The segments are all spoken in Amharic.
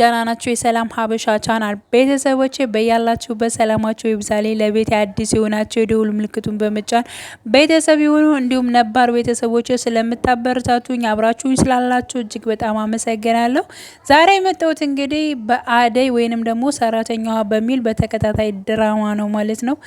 ደህና ናችሁ? የሰላም ሀበሻ ቻናል ቤተሰቦች በያላችሁ በሰላማችሁ ይብዛሌ። ለቤት አዲስ የሆናችሁ የደውል ምልክቱን በመጫን ቤተሰብ የሆኑ እንዲሁም ነባር ቤተሰቦች ስለምታበረታቱኝ አብራችሁኝ ስላላችሁ እጅግ በጣም አመሰግናለሁ። ዛሬ የመጣሁት እንግዲህ በአደይ ወይንም ደግሞ ሰራተኛዋ በሚል በተከታታይ ድራማ ነው ማለት ነው።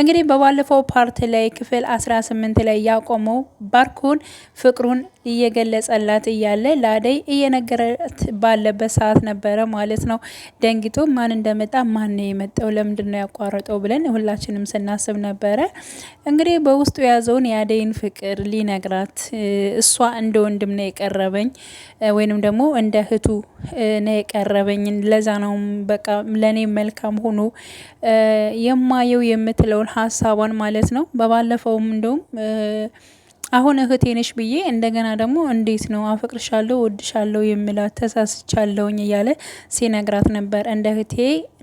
እንግዲህ በባለፈው ፓርት ላይ ክፍል 18 ላይ ያቆመው ባርኮን ፍቅሩን እየገለጸላት እያለ ለአደይ እየነገረት ባለበት ሰዓት ነበረ ማለት ነው። ደንግጦ ማን እንደመጣ ማን ነው የመጣው ለምንድን ነው ያቋረጠው ብለን ሁላችንም ስናስብ ነበረ። እንግዲህ በውስጡ የያዘውን የአደይን ፍቅር ሊነግራት እሷ እንደ ወንድም ነው የቀረበኝ ወይንም ደግሞ እንደ እህቱ ነው የቀረበኝ ለዛ ነው በቃ ለእኔ መልካም ሆኖ የማየው የምትለውን ሀሳቧን ማለት ነው። በባለፈውም እንደውም አሁን እህቴ ነሽ ብዬ እንደገና ደግሞ እንዴት ነው አፈቅርሻለሁ፣ ወድሻለሁ የሚላት ተሳስቻለውኝ እያለ ሲነግራት ነበር። እንደ እህቴ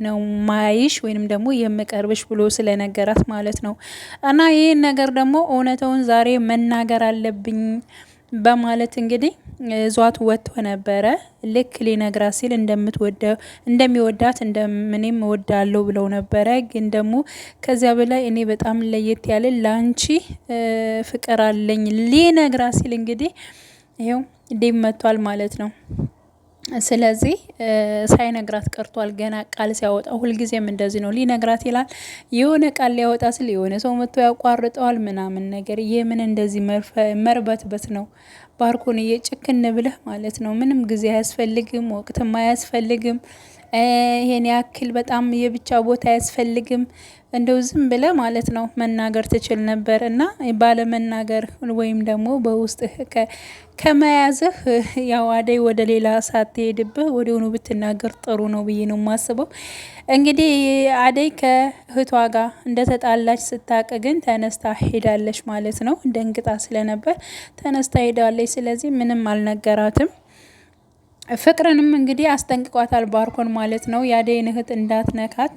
ነው ማይሽ ወይንም ደግሞ የምቀርብሽ ብሎ ስለነገራት ማለት ነው። እና ይህን ነገር ደግሞ እውነተውን ዛሬ መናገር አለብኝ በማለት እንግዲህ እዟት ወጥቶ ነበረ። ልክ ሊነግራ ሲል እንደምትወደው እንደሚወዳት እንደምንም እወዳለሁ ብለው ነበረ። ግን ደግሞ ከዚያ በላይ እኔ በጣም ለየት ያለ ላንቺ ፍቅር አለኝ ሊነግራ ሲል እንግዲህ ይኸው ዴብ መጥቷል ማለት ነው። ስለዚህ ሳይነግራት ቀርቷል። ገና ቃል ሲያወጣ ሁልጊዜም እንደዚህ ነው። ሊነግራት ይላል። የሆነ ቃል ሊያወጣ ስል የሆነ ሰው መጥቶ ያቋርጠዋል ምናምን ነገር። ይህ ምን እንደዚህ መርበትበት ነው? ባርኮን እየጭክን ብለህ ማለት ነው። ምንም ጊዜ አያስፈልግም፣ ወቅትም አያስፈልግም። ይሄን ያክል በጣም የብቻ ቦታ አያስፈልግም እንደው ዝም ብለ ማለት ነው መናገር ትችል ነበር እና ባለመናገር ወይም ደግሞ በውስጥ ከመያዝህ ያው አደይ ወደ ሌላ ሳትሄድብህ ወዲያውኑ ብትናገር ጥሩ ነው ብዬ ነው የማስበው። እንግዲህ አደይ ከእህቷ ጋር እንደተጣላች ስታቅ ግን ተነስታ ሄዳለች ማለት ነው። ደንግጣ ስለነበር ተነስታ ሄዳለች። ስለዚህ ምንም አልነገራትም። ፍቅርንም እንግዲህ አስጠንቅቋታል ባርኮን ማለት ነው። የአደይን እህት እንዳትነካት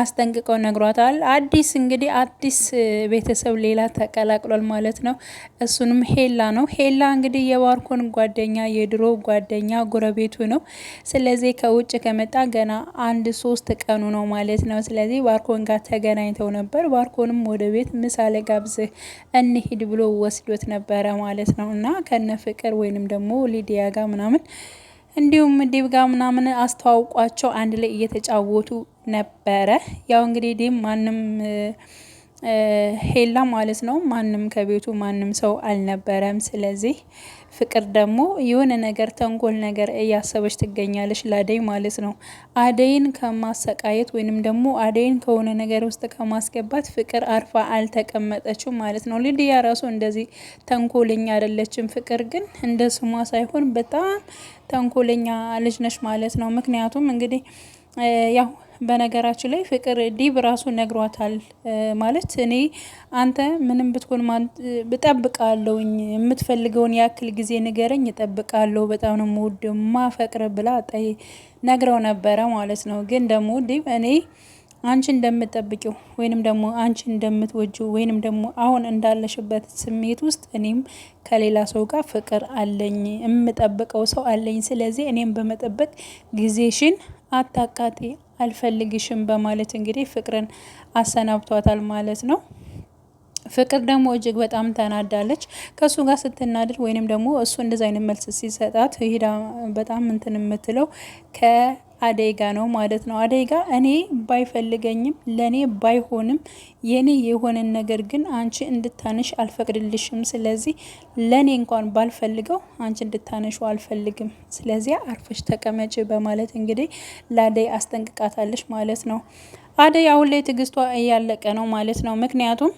አስጠንቅቀው ነግሯታል። አዲስ እንግዲህ አዲስ ቤተሰብ ሌላ ተቀላቅሏል ማለት ነው። እሱንም ሄላ ነው። ሄላ እንግዲህ የባርኮን ጓደኛ፣ የድሮ ጓደኛ ጎረቤቱ ነው። ስለዚህ ከውጭ ከመጣ ገና አንድ ሶስት ቀኑ ነው ማለት ነው። ስለዚህ ባርኮን ጋር ተገናኝተው ነበር። ባርኮንም ወደ ቤት ምሳ ለጋብዝህ እንሂድ ብሎ ወስዶት ነበረ ማለት ነው እና ከነ ፍቅር ወይንም ደግሞ ሊዲያ ጋር ምናምን እንዲሁም ዲብ ጋር ምናምን አስተዋውቋቸው አንድ ላይ እየተጫወቱ ነበረ። ያው እንግዲህ ዲም ማንም ሄላ ማለት ነው። ማንም ከቤቱ ማንም ሰው አልነበረም። ስለዚህ ፍቅር ደግሞ የሆነ ነገር ተንኮል ነገር እያሰበች ትገኛለች ለአደይ ማለት ነው። አደይን ከማሰቃየት ወይንም ደግሞ አደይን ከሆነ ነገር ውስጥ ከማስገባት ፍቅር አርፋ አልተቀመጠችም ማለት ነው። ልድያ ራሱ እንደዚህ ተንኮለኛ አይደለችም። ፍቅር ግን እንደ ስሟ ሳይሆን በጣም ተንኮለኛ ልጅ ነች ማለት ነው። ምክንያቱም እንግዲህ ያው በነገራችን ላይ ፍቅር ዲብ ራሱ ነግሯታል። ማለት እኔ አንተ ምንም ብትሆን እጠብቃለሁኝ፣ የምትፈልገውን ያክል ጊዜ ንገረኝ፣ እጠብቃለሁ፣ በጣም ነው ውድ ማፈቅር ብላ ጠይ ነግረው ነበረ ማለት ነው። ግን ደግሞ ዲብ እኔ አንቺ እንደምጠብቂው ወይንም ደግሞ አንቺ እንደምትወጂው ወይንም ደግሞ አሁን እንዳለሽበት ስሜት ውስጥ እኔም ከሌላ ሰው ጋር ፍቅር አለኝ፣ የምጠብቀው ሰው አለኝ። ስለዚህ እኔም በመጠበቅ ጊዜሽን አታቃጤ አልፈልግሽም በማለት እንግዲህ ፍቅርን አሰናብቷታል ማለት ነው። ፍቅር ደግሞ እጅግ በጣም ተናዳለች። ከእሱ ጋር ስትናደድ ወይንም ደግሞ እሱ እንደዚ አይነት መልስ ሲሰጣት ሄዳ በጣም እንትን የምትለው ከ አደይ ጋ ነው ማለት ነው። አደይ ጋ እኔ ባይፈልገኝም ለእኔ ባይሆንም የኔ የሆነን ነገር ግን አንቺ እንድታነሽ አልፈቅድልሽም። ስለዚህ ለእኔ እንኳን ባልፈልገው አንቺ እንድታነሹ አልፈልግም። ስለዚህ አርፈሽ ተቀመጭ በማለት እንግዲህ ለአደይ አስጠንቅቃታለች ማለት ነው። አደይ አሁን ላይ ትዕግስቷ እያለቀ ነው ማለት ነው። ምክንያቱም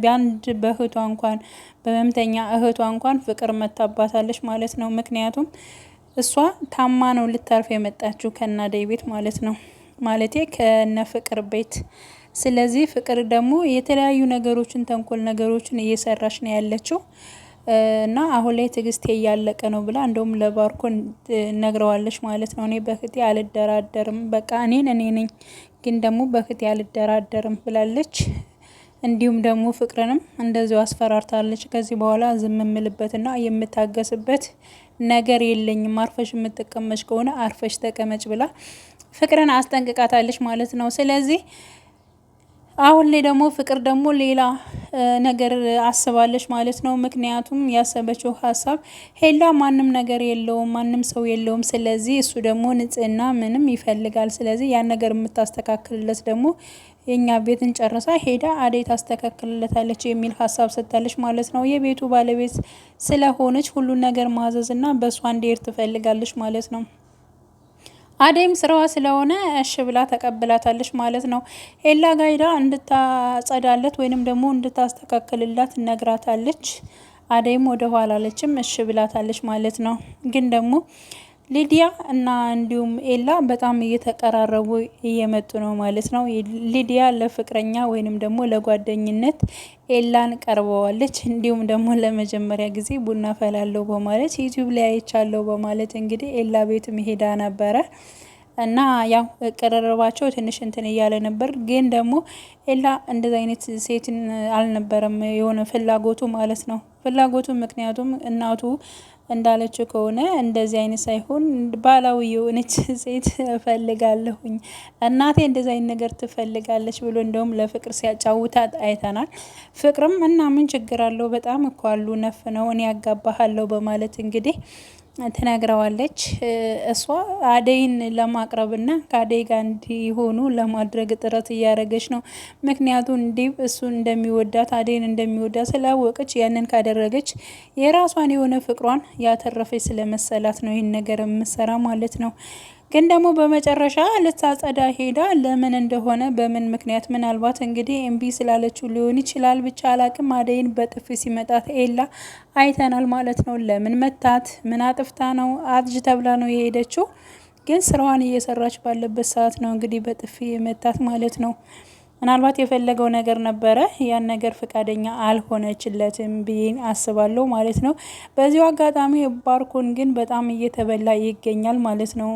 ቢያንድ በእህቷ እንኳን በመምተኛ እህቷ እንኳን ፍቅር መታባታለች ማለት ነው። ምክንያቱም እሷ ታማ ነው ልታርፍ የመጣችው ከናደይ ቤት ማለት ነው፣ ማለቴ ከነ ፍቅር ቤት። ስለዚህ ፍቅር ደግሞ የተለያዩ ነገሮችን ተንኮል ነገሮችን እየሰራች ነው ያለችው እና አሁን ላይ ትዕግስቴ እያለቀ ነው ብላ እንደውም ለባርኮ ነግረዋለች ማለት ነው። እኔ በክቴ አልደራደርም፣ በቃ እኔን እኔ ነኝ፣ ግን ደግሞ በክቴ አልደራደርም ብላለች። እንዲሁም ደግሞ ፍቅርንም እንደዚሁ አስፈራርታለች። ከዚህ በኋላ ዝም የምልበትና የምታገስበት ነገር የለኝም፣ አርፈሽ የምትቀመጭ ከሆነ አርፈሽ ተቀመጭ ብላ ፍቅርን አስጠንቅቃታለች ማለት ነው። ስለዚህ አሁን ላይ ደግሞ ፍቅር ደግሞ ሌላ ነገር አስባለች ማለት ነው። ምክንያቱም ያሰበችው ሀሳብ ሄላ ማንም ነገር የለውም፣ ማንም ሰው የለውም። ስለዚህ እሱ ደግሞ ንጽህና ምንም ይፈልጋል። ስለዚህ ያን ነገር የምታስተካክልለት ደግሞ የእኛ ቤትን ጨርሳ ሄዳ አደይ ታስተካክልለታለች የሚል ሀሳብ ሰጥታለች ማለት ነው። የቤቱ ባለቤት ስለሆነች ሁሉን ነገር ማዘዝና በእሷ እንዲሄድ ትፈልጋለች ማለት ነው። አደይም ስራዋ ስለሆነ እሽ ብላ ተቀብላታለች ማለት ነው። ኤላ ጋይዳ እንድታጸዳለት ወይንም ደግሞ እንድታስተካክልላት ነግራታለች። አደይም ወደ ኋላ አለችም እሺ ብላታለች ማለት ነው። ግን ደግሞ ሊዲያ እና እንዲሁም ኤላ በጣም እየተቀራረቡ እየመጡ ነው ማለት ነው። ሊዲያ ለፍቅረኛ ወይንም ደግሞ ለጓደኝነት ኤላን ቀርበዋለች። እንዲሁም ደግሞ ለመጀመሪያ ጊዜ ቡና ፈላለው በማለት ዩቲዩብ ላይ አይቻለሁ በማለት እንግዲህ ኤላ ቤት መሄዳ ነበረ እና ያው ቅርርባቸው ትንሽ እንትን እያለ ነበር። ግን ደግሞ ኤላ እንደዚ አይነት ሴትን አልነበረም የሆነ ፍላጎቱ ማለት ነው ፍላጎቱ ምክንያቱም እናቱ እንዳለችው ከሆነ እንደዚህ አይነት ሳይሆን ባህላዊ የሆነች ሴት እፈልጋለሁኝ እናቴ እንደዚህ አይነት ነገር ትፈልጋለች ብሎ እንደውም ለፍቅር ሲያጫውታት አይተናል። ፍቅርም እና ምን ችግር አለው በጣም እኮ አሉ ነፍ ነው እኔ ያጋባሃለሁ በማለት እንግዲህ ትነግረዋለች። እሷ አደይን ለማቅረብና ከአደይ ጋር እንዲሆኑ ለማድረግ ጥረት እያደረገች ነው። ምክንያቱ እንዲብ እሱን እንደሚወዳት አደይን እንደሚወዳት ስላወቀች ያንን ካደረገች የራሷን የሆነ ፍቅሯን ያተረፈች ስለመሰላት ነው ይህን ነገር የምሰራ ማለት ነው። ግን ደግሞ በመጨረሻ ልታጸዳ ሄዳ ለምን እንደሆነ በምን ምክንያት ምናልባት እንግዲህ እምቢ ስላለችው ሊሆን ይችላል። ብቻ አላቅም። አደይን በጥፊ ሲመጣት ኤላ አይተናል ማለት ነው። ለምን መታት? ምን አጥፍታ ነው? አጥጅ ተብላ ነው የሄደችው። ግን ስራዋን እየሰራች ባለበት ሰዓት ነው እንግዲህ በጥፊ የመታት ማለት ነው። ምናልባት የፈለገው ነገር ነበረ፣ ያን ነገር ፈቃደኛ አልሆነችለትም ብዬን አስባለሁ ማለት ነው። በዚሁ አጋጣሚ ባርኮን ግን በጣም እየተበላ ይገኛል ማለት ነው።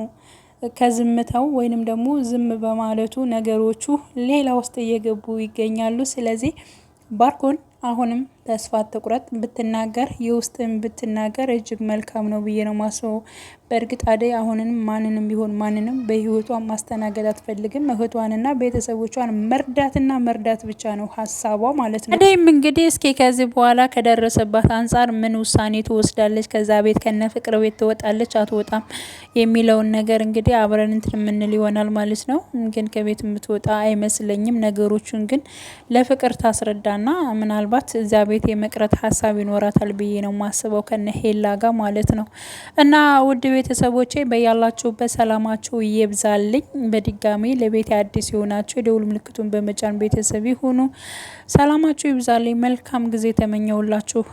ከዝምታው ወይንም ደግሞ ዝም በማለቱ ነገሮቹ ሌላ ውስጥ እየገቡ ይገኛሉ። ስለዚህ ባርኮን አሁንም ተስፋ ትቁረጥ ብትናገር የውስጥን ብትናገር እጅግ መልካም ነው ብዬ ነው ማስበው። በእርግጥ አደይ አሁንንም ማንንም ቢሆን ማንንም በህይወቷ ማስተናገድ አትፈልግም። እህቷንና ቤተሰቦቿን መርዳትና መርዳት ብቻ ነው ሀሳቧ ማለት ነው። አደይም እንግዲህ እስኪ ከዚህ በኋላ ከደረሰባት አንጻር ምን ውሳኔ ትወስዳለች፣ ከዛ ቤት ከነ ፍቅር ቤት ትወጣለች አትወጣም የሚለውን ነገር እንግዲህ አብረን እንትን የምንል ይሆናል ማለት ነው። ግን ከቤት የምትወጣ አይመስለኝም። ነገሮቹን ግን ለፍቅር ታስረዳና ምናልባት እዚያ ቤት የመቅረት ሀሳብ ይኖራታል ብዬ ነው ማስበው ከነ ሄላ ጋር ማለት ነው። እና ውድ ቤተሰቦቼ በያላችሁበት ሰላማችሁ ይብዛልኝ። በድጋሚ ለቤት አዲስ የሆናችሁ የደውል ምልክቱን በመጫን ቤተሰብ ይሁኑ። ሰላማችሁ ይብዛልኝ። መልካም ጊዜ ተመኘውላችሁ።